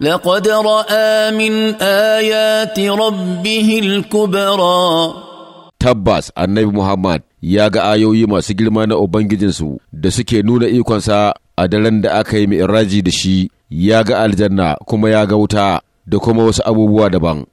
لقد راى من ايات ربه الكبرى تباس النبي محمد ya ga ayoyi masu girma na Ubangijinsu da suke nuna ikonsa a daren da aka yi mi'raji da shi, ya ga aljanna kuma ya ga wuta da kuma wasu abubuwa daban.